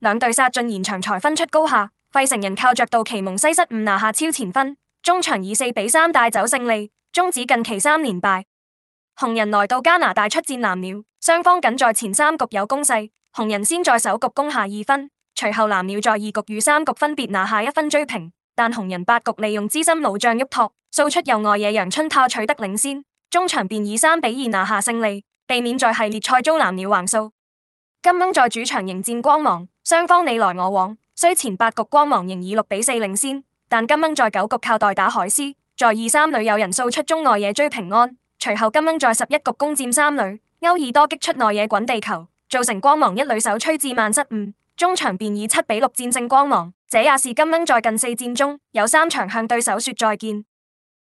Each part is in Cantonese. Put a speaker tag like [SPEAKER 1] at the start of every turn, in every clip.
[SPEAKER 1] 兩隊殺進延長才分出高下，費城人靠着道奇蒙西失誤拿下超前分，中場以四比三帶走勝利，終止近期三連敗。紅人來到加拿大出戰藍鳥，雙方僅在前三局有攻勢，紅人先在首局攻下二分，隨後藍鳥在二局與三局分別拿下一分追平，但紅人八局利用資深老將沃托掃出右外野陽春炮取得領先，中場便以三比二拿下勝利，避免在系列賽遭藍鳥橫掃。金鶯在主場迎戰光芒。雙方你來我往，雖前八局光芒仍以六比四領先，但金鶯在九局靠代打海獅，在二三壘有人掃出中外野追平安。隨後金鶯在十一局攻占三壘，歐爾多擊出內野滾地球，造成光芒一壘手崔志萬失誤，中場便以七比六戰勝光芒。這也是金鶯在近四戰中有三場向對手說再見。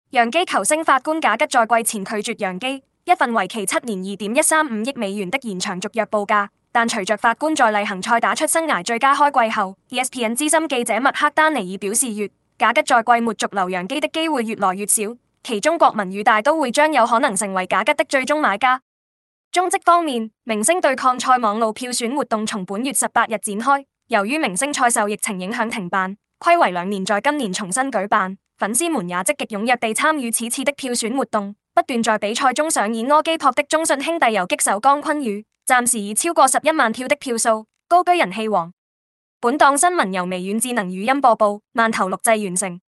[SPEAKER 1] 洋基球星法官賈吉在季前拒絕洋基一份為期七年二點一三五億美元的延長續約報價。但隨着法官在例行賽打出生涯最佳開季後，ESPN 資深記者麥克丹尼爾表示越，越賈吉在季末續留洋基的機會越來越少，其中國民與大都會將有可能成為賈吉的最終買家。中職方面，明星對抗賽網路票選活動從本月十八日展開，由於明星賽受疫情影響停辦，睽違兩年在今年重新舉辦，粉絲們也積極踴躍地參與此次的票選活動，不斷在比賽中上演柯基撲的中信兄弟游擊手江坤宇，暫時以超過十一萬票的票數，高居人氣王。本檔新聞由微軟智能語音播報，慢投錄製完成。